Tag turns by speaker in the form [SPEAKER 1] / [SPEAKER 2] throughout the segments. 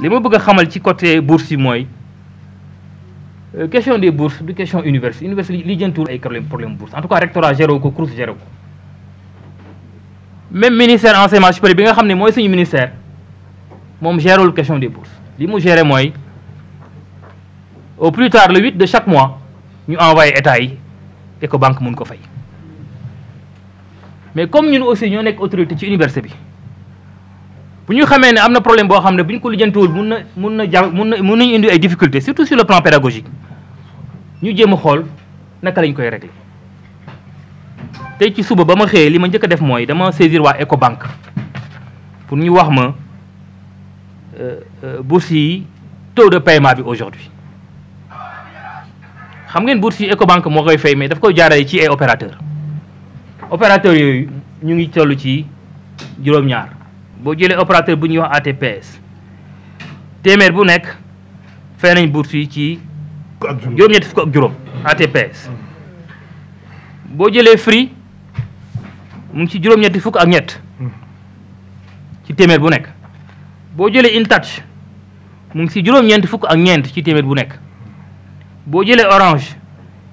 [SPEAKER 1] li ma bëgg xamal ci côté bourse yi mooy euh, question des bourses du question université université li jëntuwul ay problème problème bourse en tout cas rectorat géré ko CROUS géré ko même ministère enseignement supérieur bi nga xam ne mooy suñu ministère moom gérewul question des bourses li mu géré mooy au plus tard le huit de chaque mois ñu envoyé état yi ko banque mun ko fay mais comme ñun aussi ñoo nekk autorité ci université bi bu ñu xamee ne am na problème boo xam ne bu ñu ko lijjantiwul mun na mun na jar mun na mun nañu indi ay difficultés surtout sur le plan pédagogique ñu jéem a xool naka lañ koy régler te ci suba ba ma xëyee li ma njëkk def mooy dama saisir waa Ecobank pour ñu wax ma euh, euh, bourse yi taux de paiement bi aujourd'hui xam ngeen bourse yi Ecobank moo koy fay mais daf koy jaaree ci ay opérateur opérateur yooyu ñu ngi toll ci juróom-ñaar boo jëlee opérateur bu ñuy wax ATPS téeméer bu nekk fay nañ bourse yi ci juróom-ñetti fukk ak juróom ATPS boo jëlee Free mu ngi ci juróom-ñetti fukk ak ñett ci téeméer bu nekk boo jëlee InTouch mu ngi ci juróom fukk ak ñeent ci téeméer bu nekk boo jëlee Orange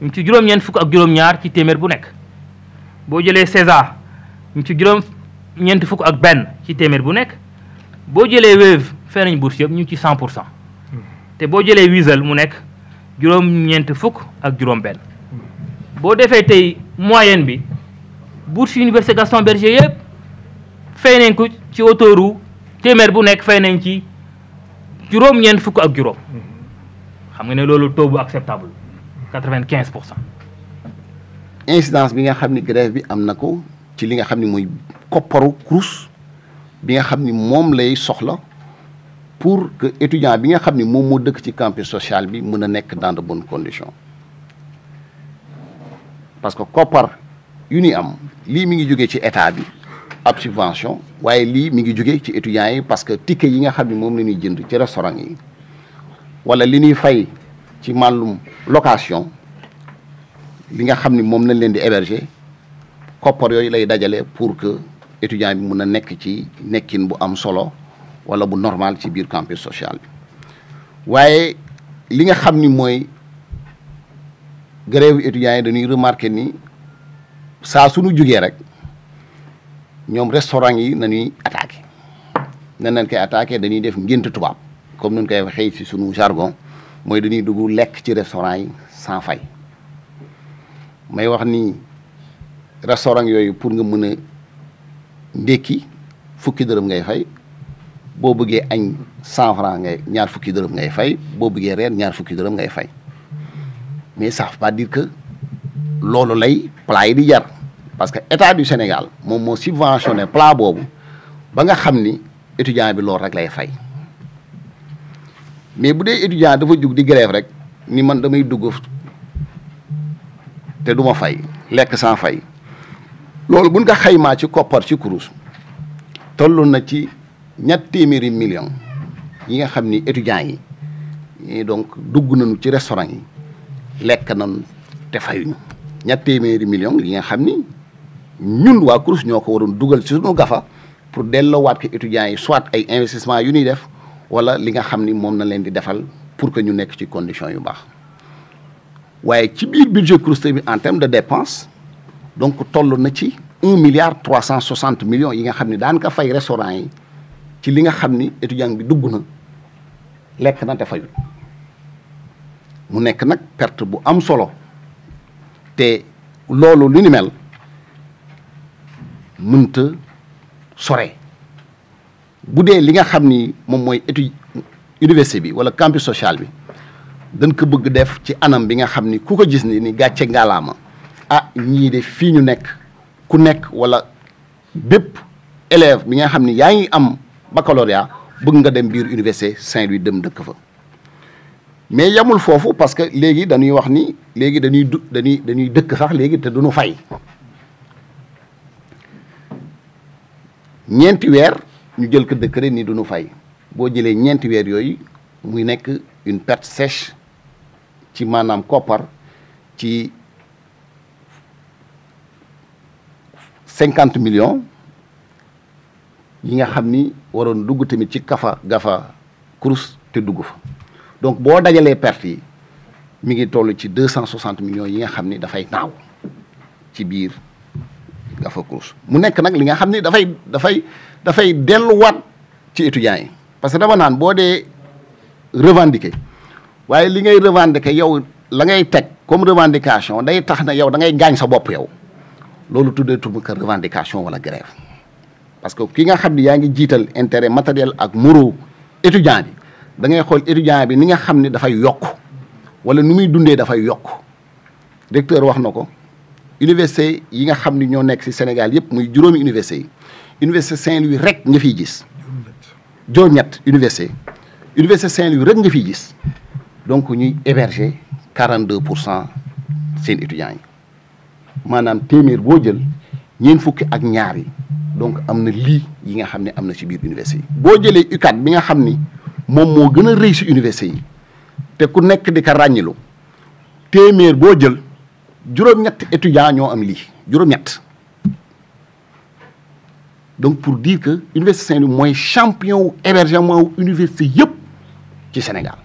[SPEAKER 1] mu ci juróom-ñeent fukk ak juróom-ñaar ci téeméer bu nekk boo jëlee César mu ngi ci juróom ñeenti fukk ak benn ci téeméer bu nekk boo jëlee Wave fee nañ bourse yëpp ñu ci 100 pour cent hmm. te boo jëlee Wizall mu nekk juróom-ñeent fukk ak juróom hmm. boo defee tey moyenne bi bourse université Gaston Berger yëpp fay nañ ko ci autoroute téeméer bu nekk fay nañ ci juróom-ñeent fukk ak juróom hmm. xam nga ne loolu taux bu acceptable 95 pour cent.
[SPEAKER 2] incidence bi nga xam ni grève bi am na ko ci li nga xam ni mooy. kopparu crous bi nga xam ni moom lay soxla pour que étudiant bi nga xam ni moom moo dëkk ci campus social bi mën a nekk dans de bonnes conditions parce que koppar yu ni am lii mi ngi jógee ci état bi ab subvention waaye lii mi ngi juge ci étudiants yi parce que ticket yi nga xam ni moom la ñuy jënd ci restaurant yi wala li ñuy fay ci màllum location li nga xam ni moom lañ leen di héberger koppar yooyu lay dajale pour que étudiant bi mun a nekk ci nekkin bu am solo wala bu normal ci biir campus social bi waaye li nga xam ni mooy grève étudiants yi dañuy remarqué ni saa suñu jugee rek ñoom restaurant yi na nañuy attaqué nan nañ koy attaqué dañuy def ngént tubaab comme nun koy waxee ci sunu jargon mooy dañuy dugg lekk ci restaurant yi sans fay may wax ni restaurant yooyu pour nga mën ndekki fukki dërëm ngay fay boo bëggee añ cent franc ngay ñaar fukki dërëm ngay fay boo buggee reer ñaar fukki dërëm ngay fay mais ça veut pas dire que loolu lay plat di jar parce que état du Sénégal moom moo subvention ne plat boobu ba nga xam ni étudiant bi loolu rek lay fay mais bu dee étudiant dafa jug di grève rek ni man damay dugg te duma fay lekk sans fay loolu buñ ko xaymaa ci koppar ci kurus toll na ci ñett téeméeri million yi nga xam ni étudiants yi donc dugg nañu ci restaurant yi lekk nañu te fayuñu ñett téeméeri million yi nga xam ni ñun waa kurus ñoo ko waroon dugal ci suñu gafa pour delloowaat ko étudiants yi soit ay investissement yu ñuy def wala li nga xam ni moom na leen di defal pour que ñu nekk ci condition yu baax waaye ci biir budget kurus tamit en terme de dépense donc toll na ci un milliard trois cent soixante millions yi nga xam ne daan ka fay restaurant yi ci li nga xam ni étudiant bi dugg na lekk na te fayul mu nekk nag perte bu am solo te loolu lu ni mel mënta sore bu dee li nga xam ni moom mooy étude université bi wala campus social bi dan ko bëgg def ci anam bi nga xam ni ku ko gis ni ni gàcce ngaalaama a ah, ñii de fii ñu nekk ku nekk wala bépp élève bi nga xam ni yaa ngi am baccalauréat bëgg nga dem biir université Saint-Louis dem dëkk fa mais yamul foofu parce que léegi dañuy wax ni léegi dañuy du dañuy dañuy dëkk sax léegi te duñu fay ñeenti weer ñu jël ko décret ni duñu fay boo jëlee ñeenti weer yooyu muy nekk une perte sèche ci maanaam koppar ci cinquante millions yi nga xam ni waroon dugg tamit ci kafa gafa kurus te dugg fa donc boo dajalee perte yi mi ngi toll ci deux cent soixante millions yi nga xam ni dafay naaw ci biir gafa kurus mu nekk nag li nga xam ni dafay dafay dafay delluwaat ci étudiants yi parce que dama naan boo dee revendiquer waaye li ngay revendiquer yow la ngay teg comme revendication day tax na yow da ngay gaañ sa bopp yow loolu tuddeetu ko revendication wala grève parce que ki nga xam ni yaa ngi jiital intérêt matériel ak moraux étudiant bi da ngay xool étudiant bi ni nga xam ni dafay yokk wala nu muy dundee dafay yokk directeur wax na ko université yi nga xam ni ñoo nekk ci Sénégal yëpp muy juróomi université yi université Saint-Louis rek nga fiy gis juróom ñett université université Saint-Louis rek nga fiy gis donc ñuy héberger 42 pour cent seen étudiants yi maanaam téeméer boo jël ñeent fukki ak ñaari donc am na lii yi nga xam ne am na ci biir université yi. boo jëlee UCAD bi nga xam ni moom moo gën a rëy ci université te ku nekk di ko ràññilu téeméer boo jël juróom-ñett étudiants ñoo am lii juróom-ñett donc pour dire que université saint mooy champion wu hébergement wu université yëpp ci Sénégal.